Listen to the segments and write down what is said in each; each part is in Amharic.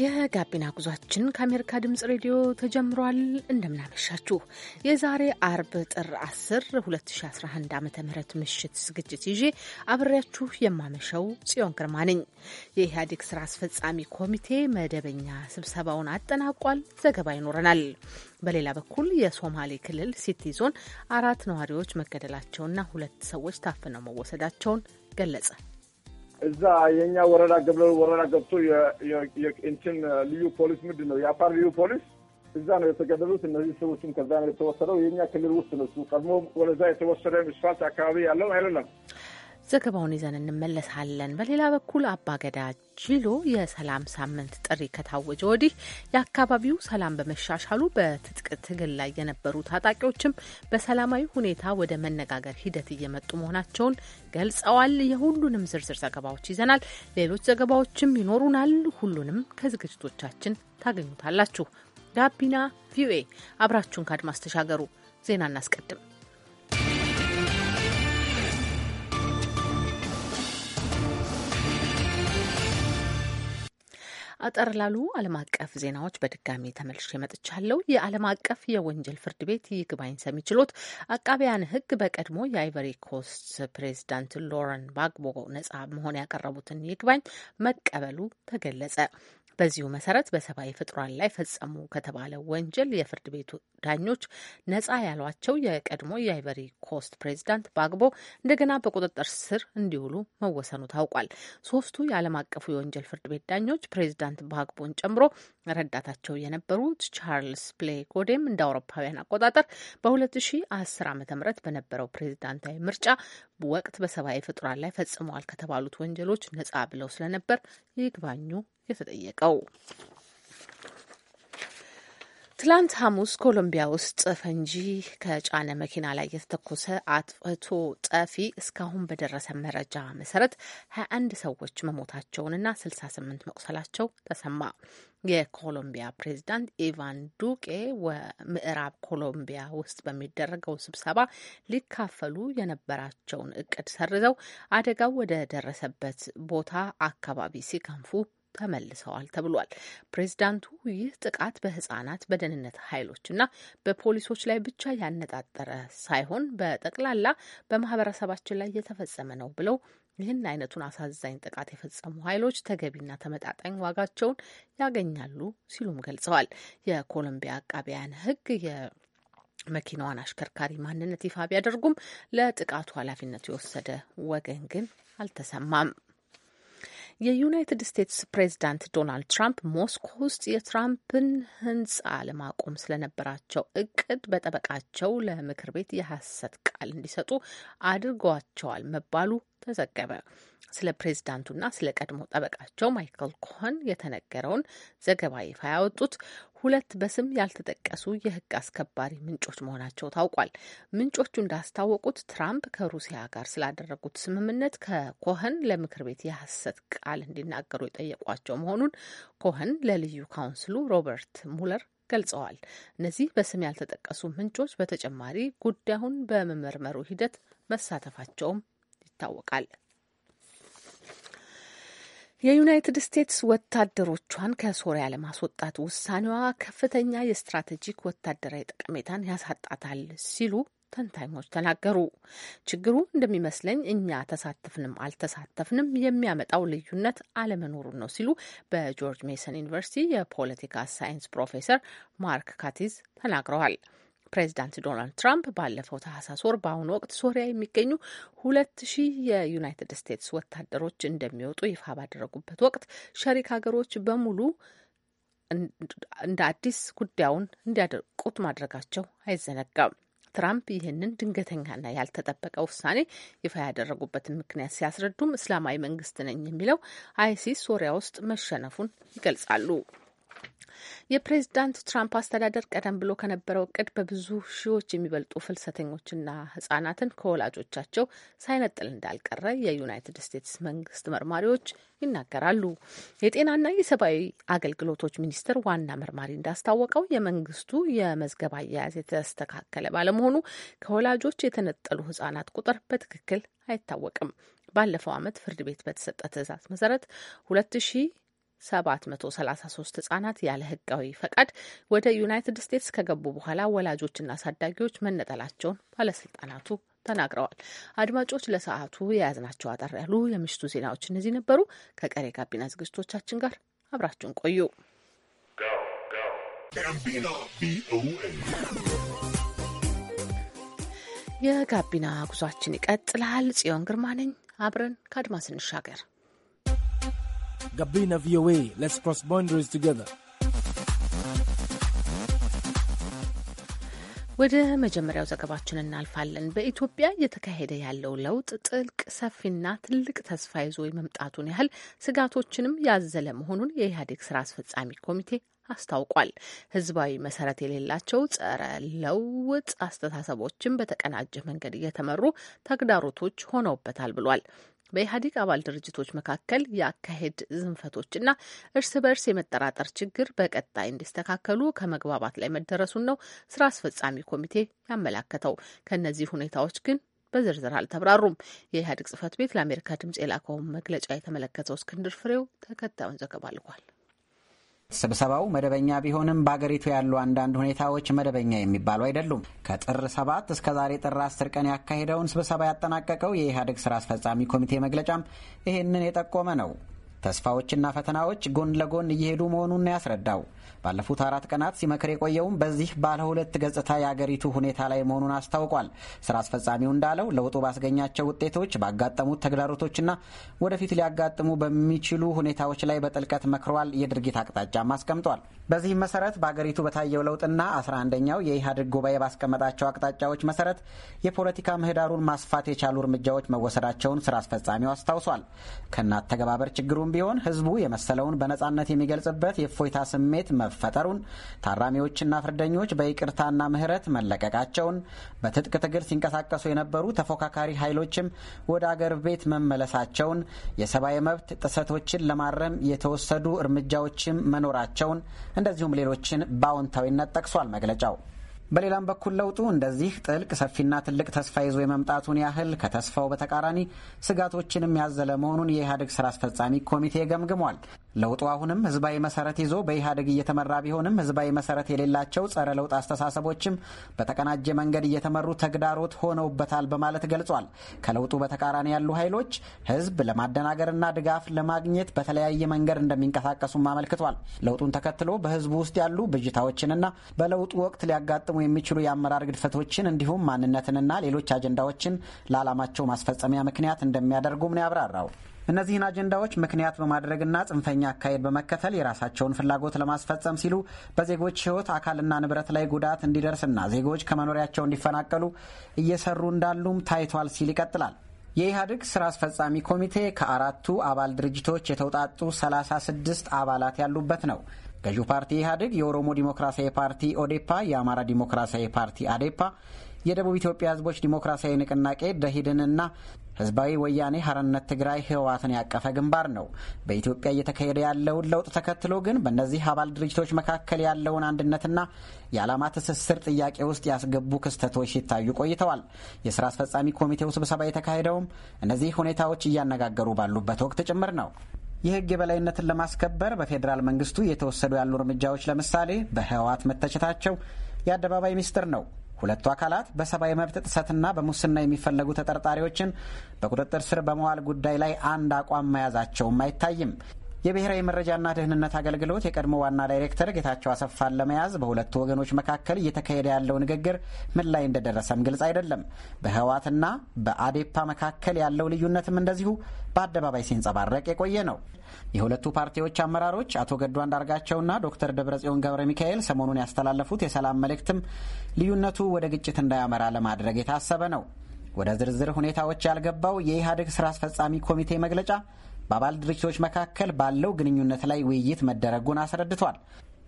የጋቢና ጉዟችን ከአሜሪካ ድምጽ ሬዲዮ ተጀምሯል። እንደምናመሻችሁ የዛሬ አርብ ጥር 10 2011 ዓ ም ምሽት ዝግጅት ይዤ አብሬያችሁ የማመሸው ጽዮን ግርማ ነኝ። የኢህአዴግ ስራ አስፈጻሚ ኮሚቴ መደበኛ ስብሰባውን አጠናቋል። ዘገባ ይኖረናል። በሌላ በኩል የሶማሌ ክልል ሲቲ ዞን አራት ነዋሪዎች መገደላቸውና ሁለት ሰዎች ታፍነው መወሰዳቸውን ገለጸ። እዛ የኛ ወረዳ ገብለ ወረዳ ገብቶ እንትን ልዩ ፖሊስ ምንድን ነው የአፋር ልዩ ፖሊስ እዛ ነው የተገደሉት። እነዚህ ሰዎችም ከዛ ነው የተወሰደው። የኛ ክልል ውስጥ ነሱ ቀድሞ ወደዛ የተወሰደ። ምስፋልት አካባቢ ያለው አይደለም ዘገባውን ይዘን እንመለሳለን። በሌላ በኩል አባገዳ ጅሎ የሰላም ሳምንት ጥሪ ከታወጀ ወዲህ የአካባቢው ሰላም በመሻሻሉ በትጥቅ ትግል ላይ የነበሩ ታጣቂዎችም በሰላማዊ ሁኔታ ወደ መነጋገር ሂደት እየመጡ መሆናቸውን ገልጸዋል። የሁሉንም ዝርዝር ዘገባዎች ይዘናል። ሌሎች ዘገባዎችም ይኖሩናል። ሁሉንም ከዝግጅቶቻችን ታገኙታላችሁ። ጋቢና ቪኦኤ አብራችሁን ከአድማስ ተሻገሩ። ዜና እናስቀድም። አጠር ላሉ ዓለም አቀፍ ዜናዎች በድጋሚ ተመልሼ መጥቻለሁ። የዓለም አቀፍ የወንጀል ፍርድ ቤት ይግባኝ ሰሚ ችሎት አቃቢያን ሕግ በቀድሞ የአይቨሪ ኮስት ፕሬዚዳንት ሎረን ባግቦ ነጻ መሆን ያቀረቡትን ይግባኝ መቀበሉ ተገለጸ። በዚሁ መሰረት በሰብአዊ ፍጡራን ላይ ፈጸሙ ከተባለ ወንጀል የፍርድ ቤቱ ዳኞች ነጻ ያሏቸው የቀድሞ የአይቨሪ ኮስት ፕሬዚዳንት ባግቦ እንደገና በቁጥጥር ስር እንዲውሉ መወሰኑ ታውቋል። ሶስቱ የዓለም አቀፉ የወንጀል ፍርድ ቤት ዳኞች ፕሬዚዳንት ባግቦን ጨምሮ ረዳታቸው የነበሩት ቻርልስ ፕሌ ጎዴም እንደ አውሮፓውያን አቆጣጠር በ2010 ዓ ም በነበረው ፕሬዚዳንታዊ ምርጫ ወቅት በሰብአዊ ፍጡራን ላይ ፈጽመዋል ከተባሉት ወንጀሎች ነጻ ብለው ስለነበር ይግባኙ የተጠየቀው ትላንት ሐሙስ ኮሎምቢያ ውስጥ ፈንጂ ከጫነ መኪና ላይ የተተኮሰ አጥፍቶ ጠፊ እስካሁን በደረሰ መረጃ መሰረት 21 ሰዎች መሞታቸውንና 68 መቁሰላቸው ተሰማ። የኮሎምቢያ ፕሬዚዳንት ኢቫን ዱቄ ምዕራብ ኮሎምቢያ ውስጥ በሚደረገው ስብሰባ ሊካፈሉ የነበራቸውን እቅድ ሰርዘው አደጋው ወደ ደረሰበት ቦታ አካባቢ ሲከንፉ ተመልሰዋል ተብሏል። ፕሬዚዳንቱ ይህ ጥቃት በህጻናት በደህንነት እና በፖሊሶች ላይ ብቻ ያነጣጠረ ሳይሆን በጠቅላላ በማህበረሰባችን ላይ የተፈጸመ ነው ብለው ይህን አይነቱን አሳዛኝ ጥቃት የፈጸሙ ኃይሎች ተገቢና ተመጣጣኝ ዋጋቸውን ያገኛሉ ሲሉም ገልጸዋል። የኮሎምቢያ አቃቢያን ህግ የመኪናዋን አሽከርካሪ ማንነት ይፋ ቢያደርጉም ለጥቃቱ ኃላፊነት የወሰደ ወገን ግን አልተሰማም። የዩናይትድ ስቴትስ ፕሬዚዳንት ዶናልድ ትራምፕ ሞስኮ ውስጥ የትራምፕን ህንጻ ለማቆም ስለነበራቸው እቅድ በጠበቃቸው ለምክር ቤት የሐሰት ቃል እንዲሰጡ አድርገዋቸዋል መባሉ ተዘገበ። ስለ ፕሬዝዳንቱና ስለ ቀድሞ ጠበቃቸው ማይክል ኮሆን የተነገረውን ዘገባ ይፋ ያወጡት ሁለት በስም ያልተጠቀሱ የሕግ አስከባሪ ምንጮች መሆናቸው ታውቋል። ምንጮቹ እንዳስታወቁት ትራምፕ ከሩሲያ ጋር ስላደረጉት ስምምነት ከኮህን ለምክር ቤት የሐሰት ቃል እንዲናገሩ የጠየቋቸው መሆኑን ኮህን ለልዩ ካውንስሉ ሮበርት ሙለር ገልጸዋል። እነዚህ በስም ያልተጠቀሱ ምንጮች በተጨማሪ ጉዳዩን በመመርመሩ ሂደት መሳተፋቸውም ይታወቃል። የዩናይትድ ስቴትስ ወታደሮቿን ከሶሪያ ለማስወጣት ውሳኔዋ ከፍተኛ የስትራቴጂክ ወታደራዊ ጠቀሜታን ያሳጣታል ሲሉ ተንታኞች ተናገሩ። ችግሩ እንደሚመስለኝ እኛ ተሳተፍንም አልተሳተፍንም የሚያመጣው ልዩነት አለመኖሩን ነው ሲሉ በጆርጅ ሜሰን ዩኒቨርሲቲ የፖለቲካ ሳይንስ ፕሮፌሰር ማርክ ካቲዝ ተናግረዋል። ፕሬዚዳንት ዶናልድ ትራምፕ ባለፈው ታህሳስ ወር በአሁኑ ወቅት ሶሪያ የሚገኙ ሁለት ሺህ የዩናይትድ ስቴትስ ወታደሮች እንደሚወጡ ይፋ ባደረጉበት ወቅት ሸሪክ ሀገሮች በሙሉ እንደ አዲስ ጉዳዩን እንዲያደርቁት ማድረጋቸው አይዘነጋም። ትራምፕ ይህንን ድንገተኛና ያልተጠበቀ ውሳኔ ይፋ ያደረጉበትን ምክንያት ሲያስረዱም እስላማዊ መንግስት ነኝ የሚለው አይሲስ ሶሪያ ውስጥ መሸነፉን ይገልጻሉ። የፕሬዚዳንት ትራምፕ አስተዳደር ቀደም ብሎ ከነበረው እቅድ በብዙ ሺዎች የሚበልጡ ፍልሰተኞችና ህጻናትን ከወላጆቻቸው ሳይነጥል እንዳልቀረ የዩናይትድ ስቴትስ መንግስት መርማሪዎች ይናገራሉ። የጤናና የሰብአዊ አገልግሎቶች ሚኒስቴር ዋና መርማሪ እንዳስታወቀው የመንግስቱ የመዝገብ አያያዝ የተስተካከለ ባለመሆኑ ከወላጆች የተነጠሉ ህጻናት ቁጥር በትክክል አይታወቅም። ባለፈው ዓመት ፍርድ ቤት በተሰጠ ትዕዛዝ መሰረት ሁለት ሺህ 733 ህጻናት ያለ ህጋዊ ፈቃድ ወደ ዩናይትድ ስቴትስ ከገቡ በኋላ ወላጆችና አሳዳጊዎች መነጠላቸውን ባለስልጣናቱ ተናግረዋል። አድማጮች፣ ለሰዓቱ የያዝናቸው አጠር ያሉ የምሽቱ ዜናዎች እነዚህ ነበሩ። ከቀሬ ጋቢና ዝግጅቶቻችን ጋር አብራችሁን ቆዩ። የጋቢና ጉዟችን ይቀጥላል። ጽዮን ግርማ ነኝ። አብረን ከአድማስ እንሻገር። Gabina VOA. Let's cross boundaries together. ወደ መጀመሪያው ዘገባችን እናልፋለን። በኢትዮጵያ እየተካሄደ ያለው ለውጥ ጥልቅ፣ ሰፊና ትልቅ ተስፋ ይዞ የመምጣቱን ያህል ስጋቶችንም ያዘለ መሆኑን የኢህአዴግ ስራ አስፈጻሚ ኮሚቴ አስታውቋል። ህዝባዊ መሰረት የሌላቸው ጸረ ለውጥ አስተሳሰቦችን በተቀናጀ መንገድ እየተመሩ ተግዳሮቶች ሆነውበታል ብሏል። በኢህአዴግ አባል ድርጅቶች መካከል የአካሄድ ዝንፈቶችና እርስ በርስ የመጠራጠር ችግር በቀጣይ እንዲስተካከሉ ከመግባባት ላይ መደረሱን ነው ስራ አስፈጻሚ ኮሚቴ ያመላከተው። ከእነዚህ ሁኔታዎች ግን በዝርዝር አልተብራሩም። የኢህአዴግ ጽህፈት ቤት ለአሜሪካ ድምጽ የላከውን መግለጫ የተመለከተው እስክንድር ፍሬው ተከታዩን ዘገባ ልኳል። ስብሰባው መደበኛ ቢሆንም በአገሪቱ ያሉ አንዳንድ ሁኔታዎች መደበኛ የሚባሉ አይደሉም። ከጥር ሰባት እስከ ዛሬ ጥር አስር ቀን ያካሄደውን ስብሰባ ያጠናቀቀው የኢህአዴግ ስራ አስፈጻሚ ኮሚቴ መግለጫም ይህንን የጠቆመ ነው። ተስፋዎችና ፈተናዎች ጎን ለጎን እየሄዱ መሆኑን ነው ያስረዳው። ባለፉት አራት ቀናት ሲመክር የቆየውም በዚህ ባለ ሁለት ገጽታ የአገሪቱ ሁኔታ ላይ መሆኑን አስታውቋል። ስራ አስፈጻሚው እንዳለው ለውጡ ባስገኛቸው ውጤቶች፣ ባጋጠሙት ተግዳሮቶችና ወደፊት ሊያጋጥሙ በሚችሉ ሁኔታዎች ላይ በጥልቀት መክሯል። የድርጊት አቅጣጫም አስቀምጧል። በዚህም መሰረት በአገሪቱ በታየው ለውጥና አስራ አንደኛው የኢህአዴግ ጉባኤ ባስቀመጣቸው አቅጣጫዎች መሰረት የፖለቲካ ምህዳሩን ማስፋት የቻሉ እርምጃዎች መወሰዳቸውን ስራ አስፈጻሚው አስታውሷል። ከእናት ተገባበር ችግሩ በመልኩም ቢሆን ህዝቡ የመሰለውን በነጻነት የሚገልጽበት የእፎይታ ስሜት መፈጠሩን፣ ታራሚዎችና ፍርደኞች በይቅርታና ምህረት መለቀቃቸውን፣ በትጥቅ ትግል ሲንቀሳቀሱ የነበሩ ተፎካካሪ ኃይሎችም ወደ አገር ቤት መመለሳቸውን፣ የሰብአዊ መብት ጥሰቶችን ለማረም የተወሰዱ እርምጃዎችም መኖራቸውን እንደዚሁም ሌሎችን በአዎንታዊነት ጠቅሷል መግለጫው። በሌላም በኩል ለውጡ እንደዚህ ጥልቅ ሰፊና ትልቅ ተስፋ ይዞ የመምጣቱን ያህል ከተስፋው በተቃራኒ ስጋቶችንም ያዘለ መሆኑን የኢህአዴግ ስራ አስፈጻሚ ኮሚቴ ገምግሟል። ለውጡ አሁንም ህዝባዊ መሰረት ይዞ በኢህአዴግ እየተመራ ቢሆንም ህዝባዊ መሰረት የሌላቸው ጸረ ለውጥ አስተሳሰቦችም በተቀናጀ መንገድ እየተመሩ ተግዳሮት ሆነውበታል በማለት ገልጿል። ከለውጡ በተቃራኒ ያሉ ኃይሎች ህዝብ ለማደናገርና ድጋፍ ለማግኘት በተለያየ መንገድ እንደሚንቀሳቀሱም አመልክቷል። ለውጡን ተከትሎ በህዝቡ ውስጥ ያሉ ብዥታዎችንና በለውጡ ወቅት ሊያጋጥሙ የሚችሉ የአመራር ግድፈቶችን እንዲሁም ማንነትንና ሌሎች አጀንዳዎችን ለዓላማቸው ማስፈጸሚያ ምክንያት እንደሚያደርጉም ነው ያብራራው። እነዚህን አጀንዳዎች ምክንያት በማድረግና ጽንፈኛ አካሄድ በመከተል የራሳቸውን ፍላጎት ለማስፈጸም ሲሉ በዜጎች ሕይወት አካልና ንብረት ላይ ጉዳት እንዲደርስና ዜጎች ከመኖሪያቸው እንዲፈናቀሉ እየሰሩ እንዳሉም ታይቷል ሲል ይቀጥላል። የኢህአዴግ ስራ አስፈጻሚ ኮሚቴ ከአራቱ አባል ድርጅቶች የተውጣጡ 36 አባላት ያሉበት ነው። ገዢው ፓርቲ ኢህአዴግ፣ የኦሮሞ ዲሞክራሲያዊ ፓርቲ ኦዴፓ፣ የአማራ ዲሞክራሲያዊ ፓርቲ አዴፓ፣ የደቡብ ኢትዮጵያ ህዝቦች ዲሞክራሲያዊ ንቅናቄ ደሂድንና ህዝባዊ ወያኔ ሀርነት ትግራይ ህወሓትን ያቀፈ ግንባር ነው። በኢትዮጵያ እየተካሄደ ያለውን ለውጥ ተከትሎ ግን በእነዚህ አባል ድርጅቶች መካከል ያለውን አንድነትና የዓላማ ትስስር ጥያቄ ውስጥ ያስገቡ ክስተቶች ሲታዩ ቆይተዋል። የስራ አስፈጻሚ ኮሚቴው ስብሰባ የተካሄደውም እነዚህ ሁኔታዎች እያነጋገሩ ባሉበት ወቅት ጭምር ነው። የህግ የበላይነትን ለማስከበር በፌዴራል መንግስቱ እየተወሰዱ ያሉ እርምጃዎች ለምሳሌ በህወሓት መተቸታቸው የአደባባይ ሚስጥር ነው። ሁለቱ አካላት በሰብአዊ መብት ጥሰትና በሙስና የሚፈለጉ ተጠርጣሪዎችን በቁጥጥር ስር በመዋል ጉዳይ ላይ አንድ አቋም መያዛቸውም አይታይም። የብሔራዊ መረጃና ደህንነት አገልግሎት የቀድሞ ዋና ዳይሬክተር ጌታቸው አሰፋን ለመያዝ በሁለቱ ወገኖች መካከል እየተካሄደ ያለው ንግግር ምን ላይ እንደደረሰም ግልጽ አይደለም። በህወሓትና በአዴፓ መካከል ያለው ልዩነትም እንደዚሁ በአደባባይ ሲንጸባረቅ የቆየ ነው። የሁለቱ ፓርቲዎች አመራሮች አቶ ገዱ አንዳርጋቸውና ዶክተር ደብረጽዮን ገብረ ሚካኤል ሰሞኑን ያስተላለፉት የሰላም መልእክትም ልዩነቱ ወደ ግጭት እንዳያመራ ለማድረግ የታሰበ ነው። ወደ ዝርዝር ሁኔታዎች ያልገባው የኢህአዴግ ስራ አስፈጻሚ ኮሚቴ መግለጫ በአባል ድርጅቶች መካከል ባለው ግንኙነት ላይ ውይይት መደረጉን አስረድቷል።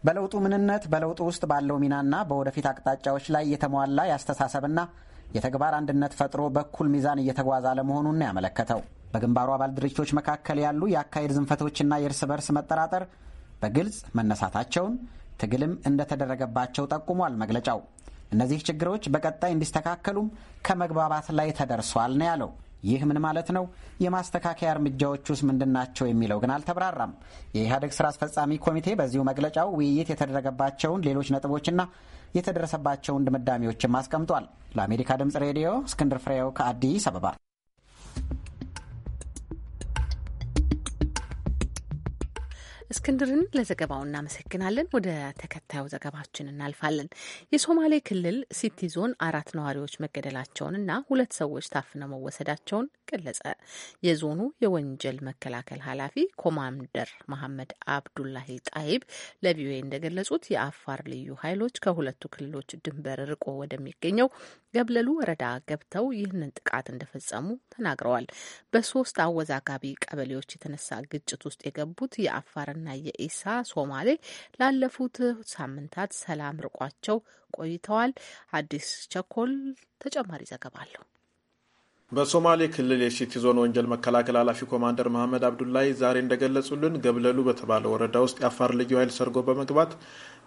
በለውጡ ምንነት፣ በለውጡ ውስጥ ባለው ሚናና በወደፊት አቅጣጫዎች ላይ የተሟላ ያስተሳሰብና የተግባር አንድነት ፈጥሮ በኩል ሚዛን እየተጓዘ አለመሆኑን ያመለከተው በግንባሩ አባል ድርጅቶች መካከል ያሉ የአካሄድ ዝንፈቶችና የእርስ በርስ መጠራጠር በግልጽ መነሳታቸውን ትግልም እንደተደረገባቸው ጠቁሟል መግለጫው። እነዚህ ችግሮች በቀጣይ እንዲስተካከሉም ከመግባባት ላይ ተደርሷል ነው ያለው። ይህ ምን ማለት ነው? የማስተካከያ እርምጃዎች ውስጥ ምንድን ናቸው የሚለው ግን አልተብራራም። የኢህአዴግ ስራ አስፈጻሚ ኮሚቴ በዚሁ መግለጫው ውይይት የተደረገባቸውን ሌሎች ነጥቦችና የተደረሰባቸውን ድምዳሜዎችም አስቀምጧል። ለአሜሪካ ድምጽ ሬዲዮ እስክንድር ፍሬው ከአዲስ አበባ እስክንድርን ለዘገባው እናመሰግናለን። ወደ ተከታዩ ዘገባችን እናልፋለን። የሶማሌ ክልል ሲቲ ዞን አራት ነዋሪዎች መገደላቸውን እና ሁለት ሰዎች ታፍነው መወሰዳቸውን ገለጸ። የዞኑ የወንጀል መከላከል ኃላፊ ኮማንደር መሐመድ አብዱላሂ ጣይብ ለቪኦኤ እንደገለጹት የአፋር ልዩ ኃይሎች ከሁለቱ ክልሎች ድንበር ርቆ ወደሚገኘው ገብለሉ ወረዳ ገብተው ይህንን ጥቃት እንደፈጸሙ ተናግረዋል። በሶስት አወዛጋቢ ቀበሌዎች የተነሳ ግጭት ውስጥ የገቡት የአፋር የአማራና የኢሳ ሶማሌ ላለፉት ሳምንታት ሰላም ርቋቸው ቆይተዋል። አዲስ ቸኮል ተጨማሪ ዘገባ አለው። በሶማሌ ክልል የሲቲ ዞን ወንጀል መከላከል ኃላፊ ኮማንደር መሐመድ አብዱላይ ዛሬ እንደገለጹልን ገብለሉ በተባለ ወረዳ ውስጥ የአፋር ልዩ ኃይል ሰርጎ በመግባት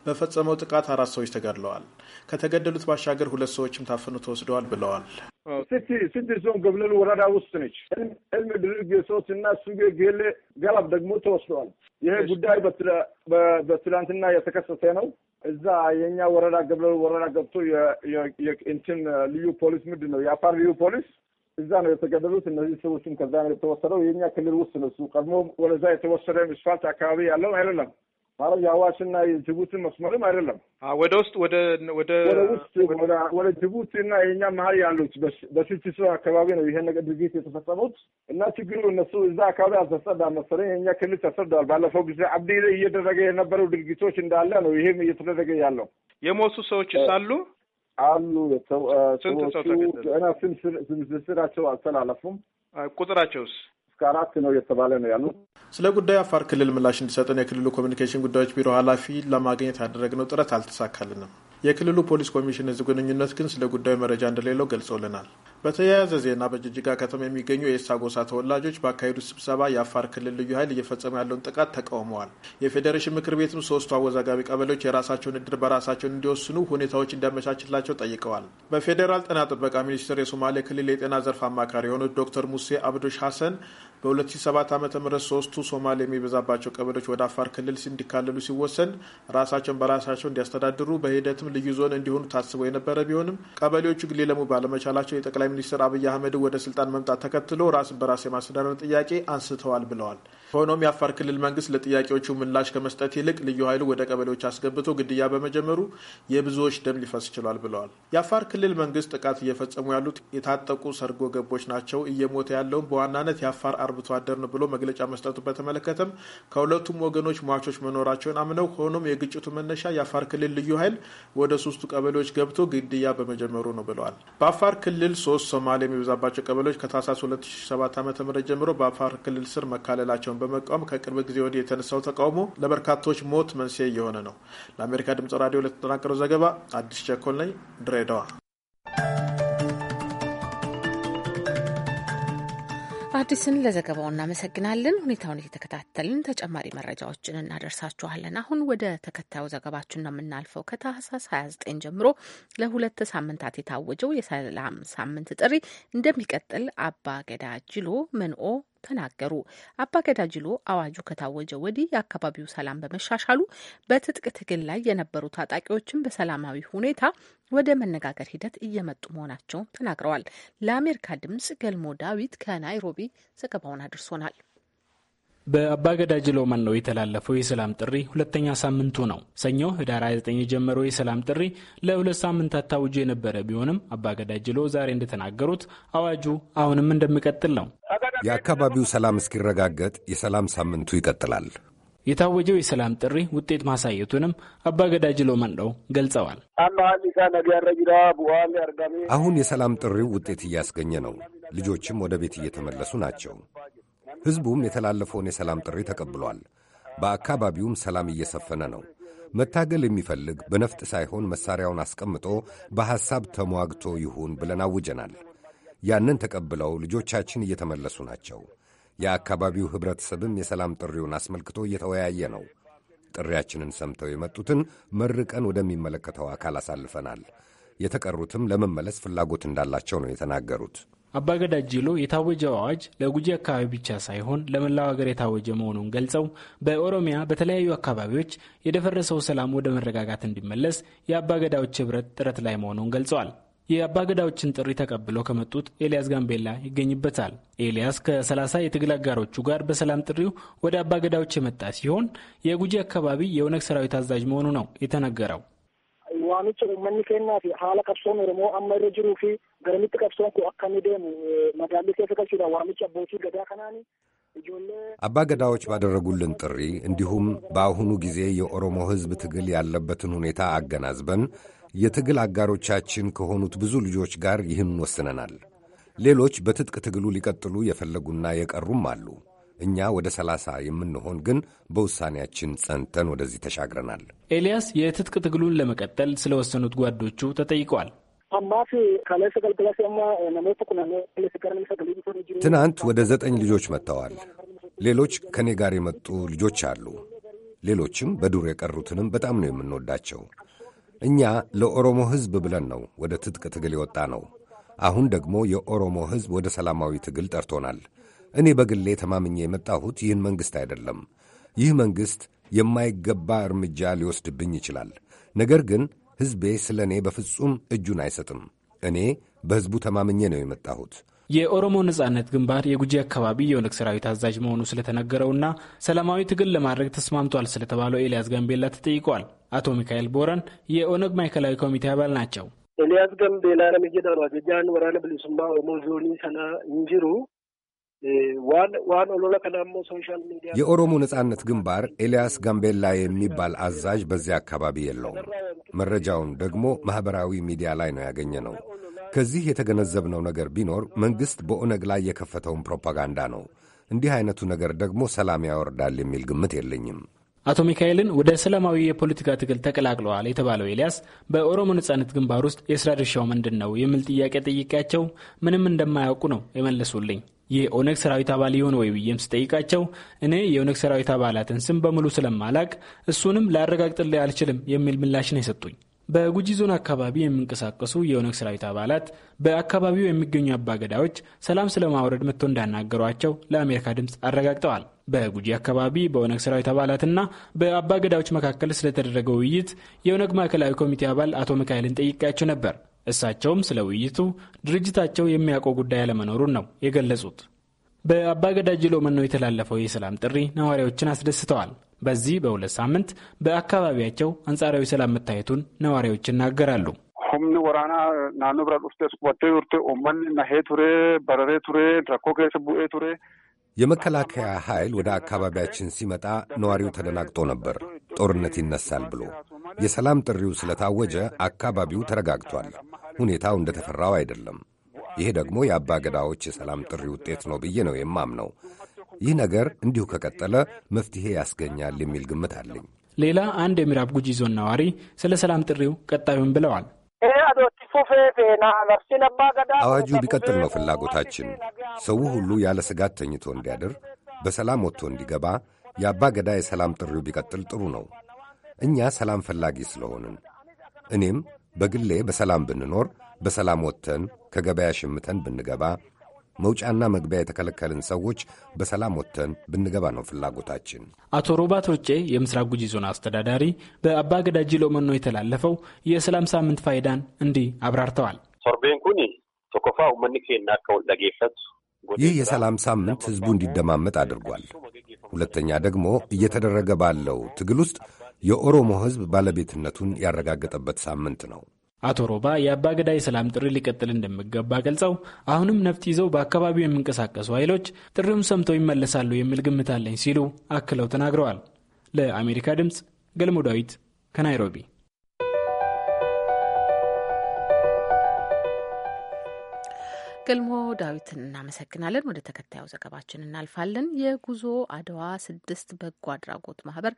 በፈጸመው ጥቃት አራት ሰዎች ተገድለዋል። ከተገደሉት ባሻገር ሁለት ሰዎችም ታፍኑ ተወስደዋል ብለዋል። ሲቲ ሲቲ ዞን ገብለሉ ወረዳ ውስጥ ነች። ህልም ድርግ ሶስት እና እሱ ጌሌ ገላብ ደግሞ ተወስደዋል። ይሄ ጉዳይ በትላንትና የተከሰተ ነው። እዛ የእኛ ወረዳ ገብለሉ ወረዳ ገብቶ እንትን ልዩ ፖሊስ ምንድን ነው የአፋር ልዩ ፖሊስ እዛ ነው የተገደሉት። እነዚህ ሰዎችም ከዛ ነው የተወሰደው። የእኛ ክልል ውስጥ ነሱ ቀድሞ ወደዛ የተወሰደ ስፋልት አካባቢ ያለው አይደለም ማለት የአዋሽና የጅቡቲ መስመርም አይደለም። ወደ ውስጥ ወደ ወደ ውስጥ ወደ ጅቡቲና የኛ መሀል ያሉት በሲቲሱ አካባቢ ነው ይሄን ነገር ድርጊት የተፈጸሙት እና ችግሩ እነሱ እዛ አካባቢ አልተሰዳ መሰለኝ የኛ ክልል ተሰደዋል። ባለፈው ጊዜ አብዲ እየደረገ የነበረው ድርጊቶች እንዳለ ነው ይሄም እየተደረገ ያለው። የሞቱ ሰዎች ሳሉ አሉ ሰዎቹ ገና ስም ስራቸው አልተላለፉም። ቁጥራቸውስ አራት ነው እየተባለ ነው ያሉት። ስለ ጉዳዩ አፋር ክልል ምላሽ እንዲሰጠን የክልሉ ኮሚኒኬሽን ጉዳዮች ቢሮ ኃላፊ ለማግኘት ያደረግነው ጥረት አልተሳካልንም። የክልሉ ፖሊስ ኮሚሽን ህዝብ ግንኙነት ግን ስለ ጉዳዩ መረጃ እንደሌለው ገልጾልናል። በተያያዘ ዜና በጅጅጋ ከተማ የሚገኙ የኤሳ ጎሳ ተወላጆች ባካሄዱት ስብሰባ የአፋር ክልል ልዩ ኃይል እየፈጸመ ያለውን ጥቃት ተቃውመዋል። የፌዴሬሽን ምክር ቤትም ሶስቱ አወዛጋቢ ቀበሌዎች የራሳቸውን እድር በራሳቸውን እንዲወስኑ ሁኔታዎች እንዲያመቻችላቸው ጠይቀዋል። በፌዴራል ጤና ጥበቃ ሚኒስቴር የሶማሌ ክልል የጤና ዘርፍ አማካሪ የሆኑት ዶክተር ሙሴ አብዶሽ ሀሰን በ2007 ዓ ም ሶስቱ ሶማሌ የሚበዛባቸው ቀበሌዎች ወደ አፋር ክልል እንዲካለሉ ሲወሰን ራሳቸውን በራሳቸው እንዲያስተዳድሩ በሂደትም ልዩ ዞን እንዲሆኑ ታስበው የነበረ ቢሆንም ቀበሌዎቹ ግን ሊለሙ ባለመቻላቸው የጠቅላይ ሚኒስትር አብይ አህመድ ወደ ስልጣን መምጣት ተከትሎ ራስን በራስ የማስተዳደር ጥያቄ አንስተዋል ብለዋል። ሆኖም የአፋር ክልል መንግስት ለጥያቄዎቹ ምላሽ ከመስጠት ይልቅ ልዩ ኃይሉ ወደ ቀበሌዎች አስገብቶ ግድያ በመጀመሩ የብዙዎች ደም ሊፈስ ችሏል ብለዋል። የአፋር ክልል መንግስት ጥቃት እየፈጸሙ ያሉት የታጠቁ ሰርጎ ገቦች ናቸው። እየሞተ ያለውም በዋናነት የአፋር አርብቶ አደር ነው ብሎ መግለጫ መስጠቱ በተመለከተም ከሁለቱም ወገኖች ሟቾች መኖራቸውን አምነው፣ ሆኖም የግጭቱ መነሻ የአፋር ክልል ልዩ ኃይል ወደ ሶስቱ ቀበሌዎች ገብቶ ግድያ በመጀመሩ ነው ብለዋል። በአፋር ክልል ሶስት ሶማሌ የሚበዛባቸው ቀበሌዎች ከታህሳስ 2007 ዓ ም ጀምሮ በአፋር ክልል ስር መካለላቸውን በመቃወም ከቅርብ ጊዜ ወዲህ የተነሳው ተቃውሞ ለበርካቶች ሞት መንስኤ እየሆነ ነው። ለአሜሪካ ድምጽ ራዲዮ ለተጠናቀረው ዘገባ አዲስ ቸኮል ነኝ ድሬዳዋ። አዲስን ለዘገባው እናመሰግናለን። ሁኔታውን የተከታተልን ተጨማሪ መረጃዎችን እናደርሳችኋለን። አሁን ወደ ተከታዩ ዘገባችን ነው የምናልፈው። ከታህሳስ 29 ጀምሮ ለሁለት ሳምንታት የታወጀው የሰላም ሳምንት ጥሪ እንደሚቀጥል አባ ገዳ ጅሎ መንኦ ተናገሩ። አባገዳጅሎ አዋጁ ከታወጀ ወዲህ የአካባቢው ሰላም በመሻሻሉ በትጥቅ ትግል ላይ የነበሩ ታጣቂዎችን በሰላማዊ ሁኔታ ወደ መነጋገር ሂደት እየመጡ መሆናቸውን ተናግረዋል። ለአሜሪካ ድምጽ ገልሞ ዳዊት ከናይሮቢ ዘገባውን አድርሶናል። በአባገዳ ጅሎመን ነው የተላለፈው የሰላም ጥሪ ሁለተኛ ሳምንቱ ነው። ሰኞ ህዳር 29 የጀመረው የሰላም ጥሪ ለሁለት ሳምንታት ታውጆ የነበረ ቢሆንም አባገዳ ጅሎ ዛሬ እንደተናገሩት አዋጁ አሁንም እንደሚቀጥል ነው። የአካባቢው ሰላም እስኪረጋገጥ የሰላም ሳምንቱ ይቀጥላል። የታወጀው የሰላም ጥሪ ውጤት ማሳየቱንም አባገዳጅ ሎመን ነው ገልጸዋል። አሁን የሰላም ጥሪው ውጤት እያስገኘ ነው። ልጆችም ወደ ቤት እየተመለሱ ናቸው። ሕዝቡም የተላለፈውን የሰላም ጥሪ ተቀብሏል። በአካባቢውም ሰላም እየሰፈነ ነው። መታገል የሚፈልግ በነፍጥ ሳይሆን መሳሪያውን አስቀምጦ በሐሳብ ተሟግቶ ይሁን ብለን አውጀናል። ያንን ተቀብለው ልጆቻችን እየተመለሱ ናቸው። የአካባቢው ኅብረተሰብም የሰላም ጥሪውን አስመልክቶ እየተወያየ ነው። ጥሪያችንን ሰምተው የመጡትን መርቀን ወደሚመለከተው አካል አሳልፈናል። የተቀሩትም ለመመለስ ፍላጎት እንዳላቸው ነው የተናገሩት። አባገዳ ጅሎ የታወጀው አዋጅ ለጉጂ አካባቢ ብቻ ሳይሆን ለመላው ሀገር የታወጀ መሆኑን ገልጸው በኦሮሚያ በተለያዩ አካባቢዎች የደፈረሰው ሰላም ወደ መረጋጋት እንዲመለስ የአባገዳዎች ህብረት ጥረት ላይ መሆኑን ገልጸዋል። የአባገዳዎችን ጥሪ ተቀብሎ ከመጡት ኤልያስ ጋምቤላ ይገኝበታል። ኤልያስ ከ30 የትግል አጋሮቹ ጋር በሰላም ጥሪው ወደ አባገዳዎች የመጣ ሲሆን የጉጂ አካባቢ የኦነግ ሰራዊት አዛዥ መሆኑ ነው የተነገረው። ዋኑጭ መኒኬና ሀላ ቀብሶን ኦሮሞ አመረ ጅሩፊ garamitti qabsoo akkami deemu eh, madaallii keessa kabsiidha waamicha abbootii gadaa kanaani አባ ገዳዎች ባደረጉልን ጥሪ እንዲሁም በአሁኑ ጊዜ የኦሮሞ ሕዝብ ትግል ያለበትን ሁኔታ አገናዝበን የትግል አጋሮቻችን ከሆኑት ብዙ ልጆች ጋር ይህን ወስነናል። ሌሎች በትጥቅ ትግሉ ሊቀጥሉ የፈለጉና የቀሩም አሉ። እኛ ወደ ሰላሳ የምንሆን ግን በውሳኔያችን ጸንተን ወደዚህ ተሻግረናል። ኤልያስ የትጥቅ ትግሉን ለመቀጠል ስለወሰኑት ጓዶቹ ተጠይቀዋል። ትናንት ወደ ዘጠኝ ልጆች መጥተዋል። ሌሎች ከእኔ ጋር የመጡ ልጆች አሉ። ሌሎችም በዱር የቀሩትንም በጣም ነው የምንወዳቸው። እኛ ለኦሮሞ ሕዝብ ብለን ነው ወደ ትጥቅ ትግል የወጣ ነው። አሁን ደግሞ የኦሮሞ ሕዝብ ወደ ሰላማዊ ትግል ጠርቶናል። እኔ በግሌ ተማምኜ የመጣሁት ይህን መንግሥት አይደለም። ይህ መንግሥት የማይገባ እርምጃ ሊወስድብኝ ይችላል። ነገር ግን ሕዝቤ ስለ እኔ በፍጹም እጁን አይሰጥም። እኔ በሕዝቡ ተማምኜ ነው የመጣሁት። የኦሮሞ ነጻነት ግንባር የጉጂ አካባቢ የኦነግ ሰራዊት አዛዥ መሆኑ ስለተነገረውና ሰላማዊ ትግል ለማድረግ ተስማምቷል ስለተባለው ኤልያስ ጋምቤላ ተጠይቋል። አቶ ሚካኤል ቦረን የኦነግ ማዕከላዊ ኮሚቴ አባል ናቸው። ኤልያስ ጋምቤላ ለምጀዳሏ ጃን ወራነ ብሊሱማ ኦሞ ዞኒ ሰና እንጅሩ የኦሮሞ ነጻነት ግንባር ኤልያስ ጋምቤላ የሚባል አዛዥ በዚያ አካባቢ የለውም። መረጃውን ደግሞ ማኅበራዊ ሚዲያ ላይ ነው ያገኘነው። ከዚህ የተገነዘብነው ነገር ቢኖር መንግሥት በኦነግ ላይ የከፈተውን ፕሮፓጋንዳ ነው። እንዲህ አይነቱ ነገር ደግሞ ሰላም ያወርዳል የሚል ግምት የለኝም። አቶ ሚካኤልን ወደ ሰላማዊ የፖለቲካ ትግል ተቀላቅለዋል የተባለው ኤልያስ በኦሮሞ ነጻነት ግንባር ውስጥ የሥራ ድርሻው ምንድን ነው የሚል ጥያቄ ጠይቄያቸው ምንም እንደማያውቁ ነው የመለሱልኝ። የኦነግ ሰራዊት አባል የሆነ ወይ ብዬም ስጠይቃቸው እኔ የኦነግ ሰራዊት አባላትን ስም በሙሉ ስለማላቅ እሱንም ላረጋግጥልህ አልችልም የሚል ምላሽ ነው የሰጡኝ። በጉጂ ዞን አካባቢ የሚንቀሳቀሱ የኦነግ ሰራዊት አባላት በአካባቢው የሚገኙ አባገዳዎች ሰላም ስለማውረድ መጥቶ እንዳናገሯቸው ለአሜሪካ ድምፅ አረጋግጠዋል። በጉጂ አካባቢ በኦነግ ሰራዊት አባላትና በአባገዳዎች መካከል ስለተደረገው ውይይት የኦነግ ማዕከላዊ ኮሚቴ አባል አቶ ሚካኤልን ጠይቄያቸው ነበር። እሳቸውም ስለ ውይይቱ ድርጅታቸው የሚያውቀው ጉዳይ አለመኖሩን ነው የገለጹት። በአባገዳጅ ሎመን ነው የተላለፈው የሰላም ጥሪ ነዋሪዎችን አስደስተዋል። በዚህ በሁለት ሳምንት በአካባቢያቸው አንጻራዊ ሰላም መታየቱን ነዋሪዎች ይናገራሉ። ሁምኒ ወራና ናኖ ብራ ዱፍቴስ ቁበቴ ቱሬ ኦመን ናሄ ቱሬ በረሬ ቱሬ ድራኮ ገሰ ቡኤ ቱሬ የመከላከያ ኃይል ወደ አካባቢያችን ሲመጣ ነዋሪው ተደናግጦ ነበር ጦርነት ይነሳል ብሎ የሰላም ጥሪው ስለታወጀ አካባቢው ተረጋግቷል። ሁኔታው እንደተፈራው አይደለም። ይሄ ደግሞ የአባ ገዳዎች የሰላም ጥሪ ውጤት ነው ብዬ ነው የማምነው። ይህ ነገር እንዲሁ ከቀጠለ መፍትሄ ያስገኛል የሚል ግምት አለኝ። ሌላ አንድ የምዕራብ ጉጂ ዞን ነዋሪ ስለ ሰላም ጥሪው ቀጣዩን ብለዋል። አዋጁ ቢቀጥል ነው ፍላጎታችን። ሰው ሁሉ ያለ ስጋት ተኝቶ እንዲያድር፣ በሰላም ወጥቶ እንዲገባ የአባ ገዳ የሰላም ጥሪው ቢቀጥል ጥሩ ነው። እኛ ሰላም ፈላጊ ስለሆንን እኔም በግሌ በሰላም ብንኖር በሰላም ወጥተን ከገበያ ሽምተን ብንገባ መውጫና መግቢያ የተከለከልን ሰዎች በሰላም ወጥተን ብንገባ ነው ፍላጎታችን። አቶ ሮባት ሩጬ የምስራቅ ጉጂ ዞን አስተዳዳሪ በአባ ገዳጅ ሎመኖ የተላለፈው የሰላም ሳምንት ፋይዳን እንዲህ አብራርተዋል። ሶርቤን ኩኒ ቶኮፋ ኡመኒ ኬና ከወን ይህ የሰላም ሳምንት ሕዝቡ እንዲደማመጥ አድርጓል። ሁለተኛ ደግሞ እየተደረገ ባለው ትግል ውስጥ የኦሮሞ ሕዝብ ባለቤትነቱን ያረጋገጠበት ሳምንት ነው። አቶ ሮባ የአባገዳ የሰላም ጥሪ ሊቀጥል እንደሚገባ ገልጸው አሁንም ነፍጥ ይዘው በአካባቢው የሚንቀሳቀሱ ኃይሎች ጥሪውን ሰምተው ይመለሳሉ የሚል ግምት አለኝ ሲሉ አክለው ተናግረዋል። ለአሜሪካ ድምፅ ገልሞ ዳዊት ከናይሮቢ ገልሞ ዳዊትን እናመሰግናለን። ወደ ተከታዩ ዘገባችን እናልፋለን። የጉዞ አድዋ ስድስት በጎ አድራጎት ማህበር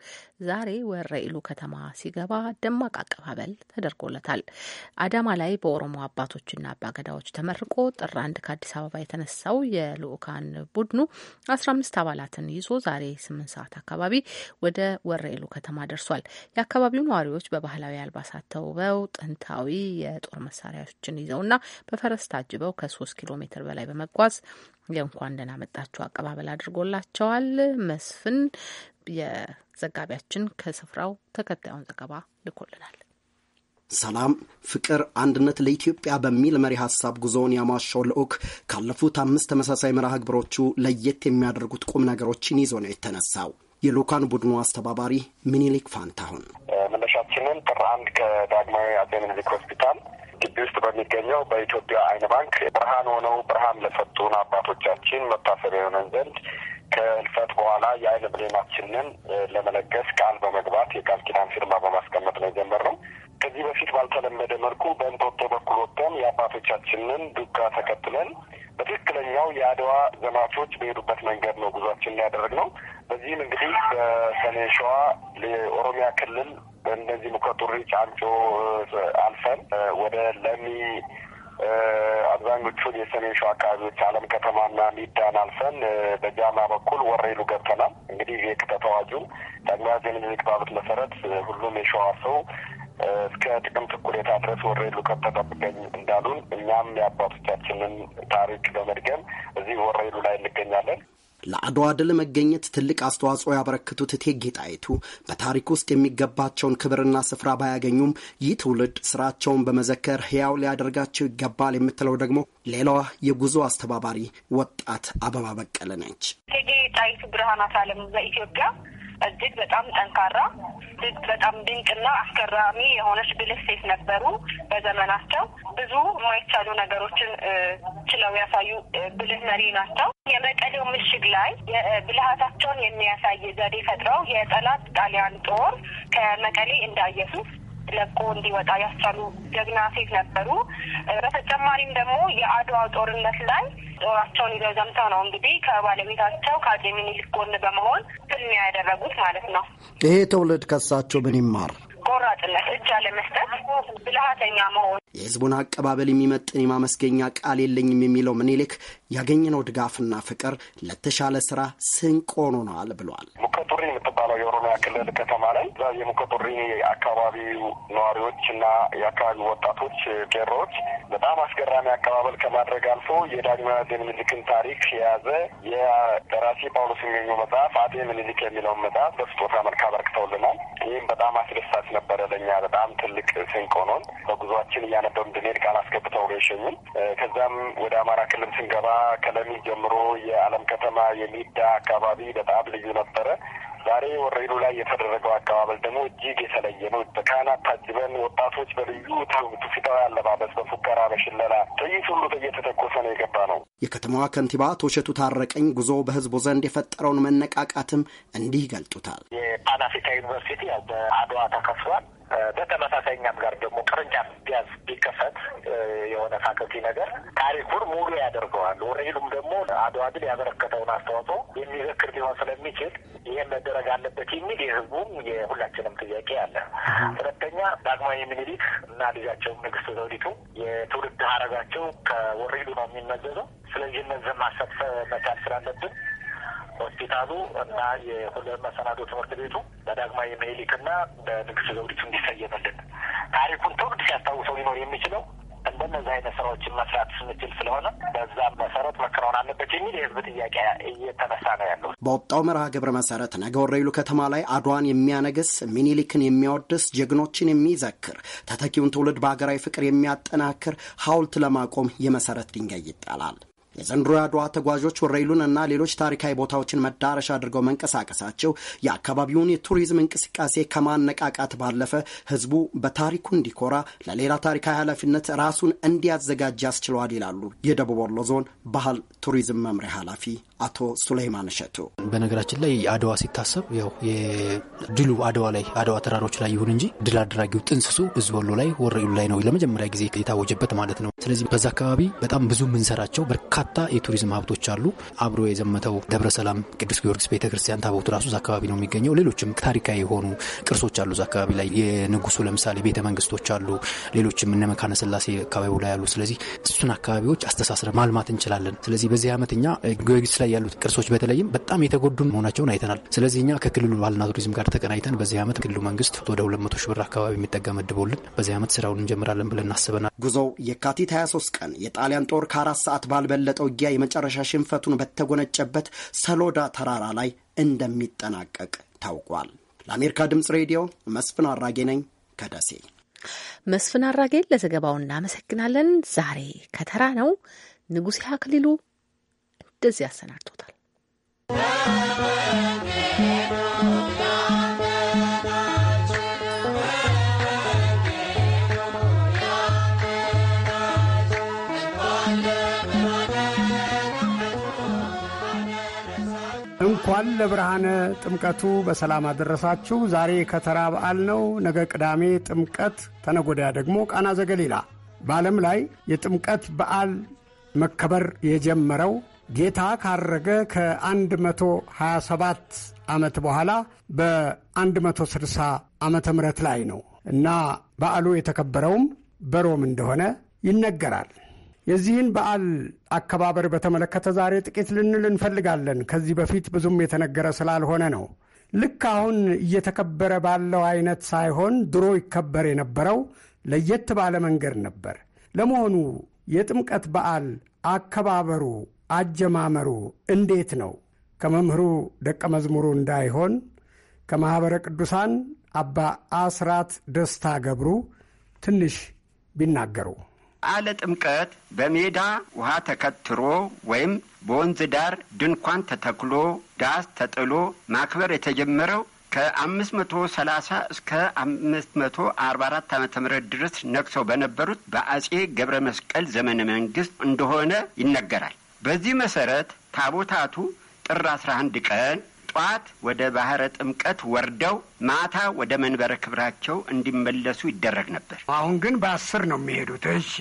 ዛሬ ወረኢሉ ከተማ ሲገባ ደማቅ አቀባበል ተደርጎለታል። አዳማ ላይ በኦሮሞ አባቶችና አባገዳዎች ተመርቆ ጥር አንድ ከአዲስ አበባ የተነሳው የልኡካን ቡድኑ አስራ አምስት አባላትን ይዞ ዛሬ ስምንት ሰዓት አካባቢ ወደ ወረኢሉ ከተማ ደርሷል። የአካባቢው ነዋሪዎች በባህላዊ አልባሳት ተውበው ጥንታዊ የጦር መሳሪያዎችን ይዘውና በፈረስ ታጅበው ከሶስት ኪሎ ሜትር በላይ በመጓዝ የእንኳን ደህና መጣችሁ አቀባበል አድርጎላቸዋል። መስፍን የዘጋቢያችን ከስፍራው ተከታዩን ዘገባ ልኮልናል። ሰላም፣ ፍቅር፣ አንድነት ለኢትዮጵያ በሚል መሪ ሀሳብ ጉዞውን ያሟሸው ልዑክ ካለፉት አምስት ተመሳሳይ መርሃ ግብሮቹ ለየት የሚያደርጉት ቁም ነገሮችን ይዞ ነው የተነሳው። የልዑካን ቡድኑ አስተባባሪ ምኒልክ ፋንታሁን መነሻችንን ጥር አንድ ከዳግማዊ አጼ ምኒልክ ሆስፒታል ግቢ ውስጥ በሚገኘው በኢትዮጵያ አይን ባንክ ብርሃን ሆነው ብርሃን ለሰጡን አባቶቻችን መታሰቢያ የሆነን ዘንድ ከህልፈት በኋላ የአይን ብሌናችንን ለመለገስ ቃል በመግባት የቃል ኪዳን ፊርማ በማስቀመጥ ነው የጀመርነው። ከዚህ በፊት ባልተለመደ መልኩ በእንጦጦ በኩል ወጥተን የአባቶቻችንን ዱካ ተከትለን በትክክለኛው የአድዋ ዘማቾች በሄዱበት መንገድ ነው ጉዟችንን ያደረግነው። በዚህም እንግዲህ በሰሜን ሸዋ የኦሮሚያ ክልል እንደዚህም ከጡሪ ጫንጮ አልፈን ወደ ለሚ አብዛኞቹን የሰሜን ሸዋ አካባቢዎች አለም ከተማና ሚዳን አልፈን በጃማ በኩል ወረኢሉ ገብተናል። እንግዲህ የክተት አዋጁ ጠቅላይ አፄ ምኒልክ መሰረት ሁሉም የሸዋ ሰው እስከ ጥቅምት እኩሌታ ድረስ ወረኢሉ ከተጠብቀኝ እንዳሉን እኛም የአባቶቻችንን ታሪክ በመድገም እዚህ ወረኢሉ ላይ እንገኛለን። ለአድዋ ድል መገኘት ትልቅ አስተዋጽኦ ያበረክቱት እቴጌ ጣይቱ በታሪክ ውስጥ የሚገባቸውን ክብርና ስፍራ ባያገኙም ይህ ትውልድ ስራቸውን በመዘከር ሕያው ሊያደርጋቸው ይገባል የምትለው ደግሞ ሌላዋ የጉዞ አስተባባሪ ወጣት አበባ በቀለ ነች። እቴጌ ጣይቱ ብርሃናት ዓለም በኢትዮጵያ እጅግ በጣም ጠንካራ እጅግ በጣም ድንቅና አስገራሚ የሆነች ብልህ ሴት ነበሩ። በዘመናቸው ብዙ የማይቻሉ ነገሮችን ችለው ያሳዩ ብልህ መሪ ናቸው። የመቀሌው ምሽግ ላይ ብልሃታቸውን የሚያሳይ ዘዴ ፈጥረው የጠላት ጣሊያን ጦር ከመቀሌ እንዳየሱ ለቆ እንዲወጣ ያስቻሉ ጀግና ሴት ነበሩ። በተጨማሪም ደግሞ የአድዋው ጦርነት ላይ ጦራቸውን ይዘው ዘምተው ነው እንግዲህ ከባለቤታቸው ከአፄ ምኒልክ ጎን በመሆን ፍልሚያ ያደረጉት ማለት ነው። ይሄ ትውልድ ከሳቸው ምን ይማር? ቆራጥነት፣ እጅ አለመስጠት፣ ብልሃተኛ መሆን የህዝቡን አቀባበል የሚመጥን የማመስገኛ ቃል የለኝም የሚለው ምኒልክ ያገኘነው ድጋፍና ፍቅር ለተሻለ ስራ ስንቅ ሆኖናል ብሏል። ሙከቱሪ የምትባለው የኦሮሚያ ክልል ከተማ ላይ የሙከቱሪ አካባቢው ነዋሪዎች እና የአካባቢ ወጣቶች ቄሮዎች በጣም አስገራሚ አቀባበል ከማድረግ አልፎ የዳግማዊ አጤ ምኒልክን ታሪክ የያዘ የደራሲ ጳውሎስ የሚኙ መጽሐፍ አጤ ምኒልክ የሚለውን መጽሐፍ በስጦታ መልካበር አብራርተውልናል። ይህም በጣም አስደሳች ነበረ ለእኛ በጣም ትልቅ ስንቅ ሆኖን በጉዟችን እያነበብ እንድንሄድ ቃል አስገብተው ነው የሸኙን። ከዛም ወደ አማራ ክልል ስንገባ ከለሚ ጀምሮ የአለም ከተማ የሚዳ አካባቢ በጣም ልዩ ነበረ። ዛሬ ወረኢሉ ላይ የተደረገው አቀባበል ደግሞ እጅግ የተለየ ነው። በካህናት ታጅበን ወጣቶች በልዩ ትውፊታዊ አለባበስ፣ በፉከራ በሽለላ ጥይት ሁሉ እየተተኮሰ ነው የገባ ነው። የከተማዋ ከንቲባ አቶ እሸቱ ታረቀኝ ጉዞ በህዝቡ ዘንድ የፈጠረውን መነቃቃትም እንዲህ ይገልጡታል። የፓን አፍሪካ ዩኒቨርሲቲ በአድዋ ተከፍቷል። በተመሳሳይ እኛም ጋር ደግሞ ቅርንጫፍ ቢያዝ ቢከፈት የሆነ ፋክልቲ ነገር ታሪኩን ሙሉ ያደርገዋል። ወረሂሉም ደግሞ አድዋ ድል ያበረከተውን አስተዋጽኦ የሚዘክር ሊሆን ስለሚችል ይህን መደረግ አለበት የሚል የህዝቡም የሁላችንም ጥያቄ አለ። ሁለተኛ ዳግማዊ ምኒልክ እና ልጃቸው ንግስት ዘውዲቱ የትውልድ ሀረጋቸው ከወረሂሉ ነው የሚመዘዘው። ስለዚህ እነዚህን ማሳተፍ መቻል ስላለብን ሆስፒታሉ እና የሁለት መሰናዶ ትምህርት ቤቱ በዳግማ የመሄሊክ ና በንግስት ዘውዲቱ እንዲሰየምልን ታሪኩን ትውልድ ሲያስታውሰው ሊኖር የሚችለው እንደነዚህ አይነት ስራዎችን መስራት ስንችል ስለሆነ በዛ መሰረት መከናወን አለበት የሚል የህዝብ ጥያቄ እየተነሳ ነው ያለው። በወጣው መርሃ ግብር መሰረት ነገ ወረይሉ ከተማ ላይ አድዋን የሚያነግስ ሚኒሊክን የሚያወድስ ጀግኖችን የሚዘክር ተተኪውን ትውልድ በሀገራዊ ፍቅር የሚያጠናክር ሀውልት ለማቆም የመሰረት ድንጋይ ይጣላል። የዘንድሮ የአድዋ ተጓዦች ወረይሉን እና ሌሎች ታሪካዊ ቦታዎችን መዳረሻ አድርገው መንቀሳቀሳቸው የአካባቢውን የቱሪዝም እንቅስቃሴ ከማነቃቃት ባለፈ ህዝቡ በታሪኩ እንዲኮራ፣ ለሌላ ታሪካዊ ኃላፊነት ራሱን እንዲያዘጋጅ አስችለዋል ይላሉ የደቡብ ወሎ ዞን ባህል ቱሪዝም መምሪያ ኃላፊ አቶ ሱሌይማን እሸቱ በነገራችን ላይ አድዋ ሲታሰብ ያው የድሉ አድዋ ላይ አድዋ ተራሮች ላይ ይሁን እንጂ ድል አድራጊው ጥንስሱ ህዝብ ወሎ ላይ ወረኢሉ ላይ ነው ለመጀመሪያ ጊዜ የታወጀበት ማለት ነው። ስለዚህ በዛ አካባቢ በጣም ብዙ የምንሰራቸው በርካታ የቱሪዝም ሀብቶች አሉ። አብሮ የዘመተው ደብረ ሰላም ቅዱስ ጊዮርጊስ ቤተክርስቲያን ታቦቱ ራሱ እዛ አካባቢ ነው የሚገኘው። ሌሎችም ታሪካዊ የሆኑ ቅርሶች አሉ እዛ አካባቢ ላይ የንጉሱ ለምሳሌ ቤተ መንግስቶች አሉ። ሌሎችም እነ መካነ ስላሴ አካባቢው ላይ አሉ። ስለዚህ እሱን አካባቢዎች አስተሳስረ ማልማት እንችላለን። ስለዚህ በዚህ ዓመት እኛ ጊዮርጊስ ላይ ያሉት ቅርሶች በተለይም በጣም የተጎዱ መሆናቸውን አይተናል። ስለዚህ እኛ ከክልሉ ባህልና ቱሪዝም ጋር ተቀናይተን በዚህ ዓመት ክልሉ መንግስት ወደ 200 ሺህ ብር አካባቢ የሚጠጋ መድቦልን በዚህ ዓመት ስራውን እንጀምራለን ብለን እናስበናል። ጉዞው የካቲት 23 ቀን የጣሊያን ጦር ከአራት ሰዓት ባልበለጠ ውጊያ የመጨረሻ ሽንፈቱን በተጎነጨበት ሰሎዳ ተራራ ላይ እንደሚጠናቀቅ ታውቋል። ለአሜሪካ ድምፅ ሬዲዮ መስፍን አራጌ ነኝ ከደሴ። መስፍን አራጌን ለዘገባው እናመሰግናለን። ዛሬ ከተራ ነው ንጉሴ አክሊሉ እንደዚህ ያሰናድቶታል። እንኳን ለብርሃነ ጥምቀቱ በሰላም አደረሳችሁ። ዛሬ ከተራ በዓል ነው። ነገ ቅዳሜ ጥምቀት፣ ተነጎዳያ ደግሞ ቃና ዘገሊላ። በዓለም ላይ የጥምቀት በዓል መከበር የጀመረው ጌታ ካረገ ከ127 ዓመት በኋላ በ160 ዓመተ ምህረት ላይ ነው እና በዓሉ የተከበረውም በሮም እንደሆነ ይነገራል። የዚህን በዓል አከባበር በተመለከተ ዛሬ ጥቂት ልንል እንፈልጋለን። ከዚህ በፊት ብዙም የተነገረ ስላልሆነ ነው። ልክ አሁን እየተከበረ ባለው አይነት ሳይሆን ድሮ ይከበር የነበረው ለየት ባለ መንገድ ነበር። ለመሆኑ የጥምቀት በዓል አከባበሩ አጀማመሩ እንዴት ነው? ከመምህሩ ደቀ መዝሙሩ እንዳይሆን ከማኅበረ ቅዱሳን አባ አስራት ደስታ ገብሩ ትንሽ ቢናገሩ። በዓለ ጥምቀት በሜዳ ውሃ ተከትሮ ወይም በወንዝ ዳር ድንኳን ተተክሎ ዳስ ተጥሎ ማክበር የተጀመረው ከ ሰላሳ እስከ አራት ዓመተ ምህረት ድረስ ነግሰው በነበሩት በአጼ ገብረ መስቀል ዘመነ መንግስት እንደሆነ ይነገራል። በዚህ መሰረት ታቦታቱ ጥር አስራ አንድ ቀን ጧት ወደ ባህረ ጥምቀት ወርደው ማታ ወደ መንበረ ክብራቸው እንዲመለሱ ይደረግ ነበር። አሁን ግን በአስር ነው የሚሄዱት። እሺ፣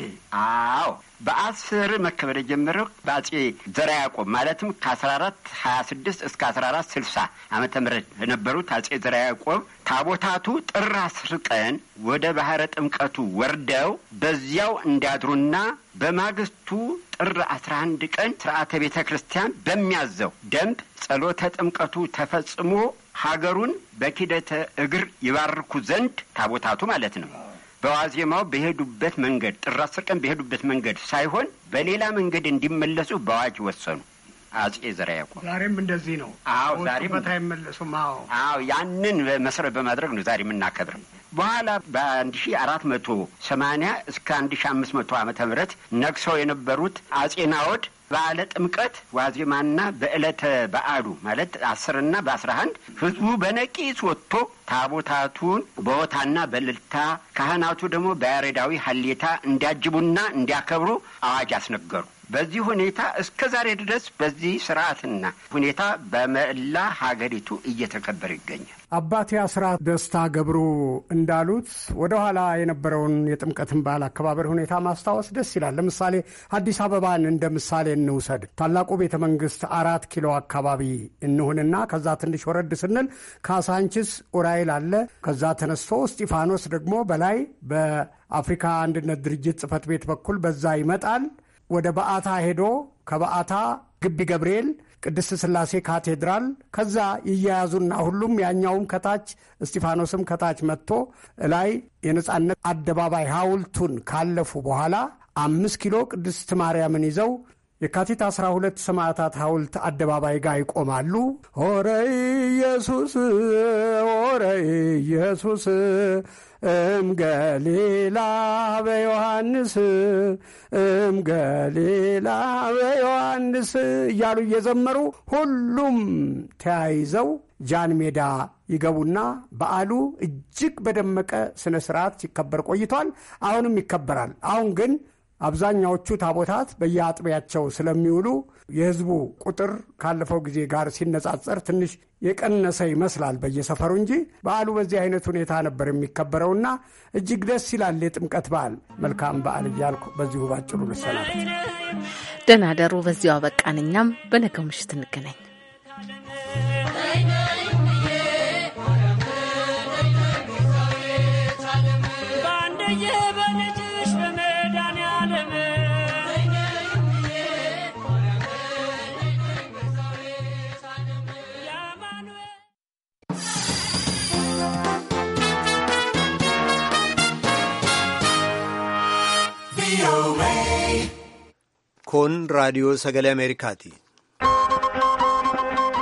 አዎ በአስር መከበር የጀመረው በአጼ ዘራ ያዕቆብ ማለትም ከአስራ አራት ሀያ ስድስት እስከ አስራ አራት ስልሳ ዓመተ ምህረት የነበሩት አጼ ዘራ ያዕቆብ ታቦታቱ ጥር አስር ቀን ወደ ባህረ ጥምቀቱ ወርደው በዚያው እንዲያድሩና በማግስቱ ጥር አስራ አንድ ቀን ስርዓተ ቤተ ክርስቲያን በሚያዘው ደንብ ጸሎተ ጥምቀቱ ተፈጽሞ ሀገሩን በኪደተ እግር ይባርኩ ዘንድ ታቦታቱ ማለት ነው በዋዜማው በሄዱበት መንገድ ጥር አስር ቀን በሄዱበት መንገድ ሳይሆን በሌላ መንገድ እንዲመለሱ በአዋጅ ወሰኑ። አጼ ዘርዓ ያዕቆብ ዛሬም እንደዚህ ነው። አዎ ዛሬ ዛሬም አይመለሱም። አዎ አዎ፣ ያንን መሰረት በማድረግ ነው ዛሬ የምናከብረው። በኋላ በአንድ ሺ አራት መቶ ሰማኒያ እስከ አንድ ሺ አምስት መቶ አመተ ምህረት ነግሰው የነበሩት አጼ ናዖድ በዓለ ጥምቀት ዋዜማና በዕለተ በዓሉ ማለት አስርና በአስራ አንድ ህዝቡ በነቂስ ወጥቶ ታቦታቱን በወታና በልልታ ካህናቱ ደግሞ በያሬዳዊ ሀሌታ እንዲያጅቡና እንዲያከብሩ አዋጅ አስነገሩ። በዚህ ሁኔታ እስከ ዛሬ ድረስ በዚህ ስርዓትና ሁኔታ በመላ ሀገሪቱ እየተከበረ ይገኛል። አባቴ አስራት ደስታ ገብሩ እንዳሉት ወደኋላ የነበረውን የጥምቀትን በዓል አከባበር ሁኔታ ማስታወስ ደስ ይላል። ለምሳሌ አዲስ አበባን እንደ ምሳሌ እንውሰድ። ታላቁ ቤተ መንግስት አራት ኪሎ አካባቢ እንሁንና ከዛ ትንሽ ወረድ ስንል ካሳንችስ ኡራኤል አለ። ከዛ ተነስቶ እስጢፋኖስ ደግሞ በላይ በአፍሪካ አንድነት ድርጅት ጽህፈት ቤት በኩል በዛ ይመጣል። ወደ በዓታ ሄዶ ከበዓታ ግቢ ገብርኤል ቅድስት ስላሴ ካቴድራል ከዛ ይያያዙና ሁሉም ያኛውም ከታች እስጢፋኖስም ከታች መጥቶ ላይ የነፃነት አደባባይ ሐውልቱን ካለፉ በኋላ አምስት ኪሎ ቅድስት ማርያምን ይዘው የካቲት 12 ሰማዕታት ሐውልት አደባባይ ጋር ይቆማሉ። ኦረ ኢየሱስ ኦረ ኢየሱስ እምገሊላ በዮሐንስ እምገሊላ በዮሐንስ እያሉ እየዘመሩ ሁሉም ተያይዘው ጃን ሜዳ ይገቡና በዓሉ እጅግ በደመቀ ስነ ስርዓት ሲከበር ቆይቷል። አሁንም ይከበራል። አሁን ግን አብዛኛዎቹ ታቦታት በየአጥቢያቸው ስለሚውሉ የህዝቡ ቁጥር ካለፈው ጊዜ ጋር ሲነጻጸር ትንሽ የቀነሰ ይመስላል በየሰፈሩ እንጂ በዓሉ በዚህ አይነት ሁኔታ ነበር የሚከበረውና እጅግ ደስ ይላል። የጥምቀት በዓል መልካም በዓል እያልኩ በዚሁ ባጭሩ ልሰናበት። ደህና ደሩ። በዚሁ አበቃን። እኛም በነገው ምሽት እንገናኝ። foon raadiyoo sagalee Ameerikaati.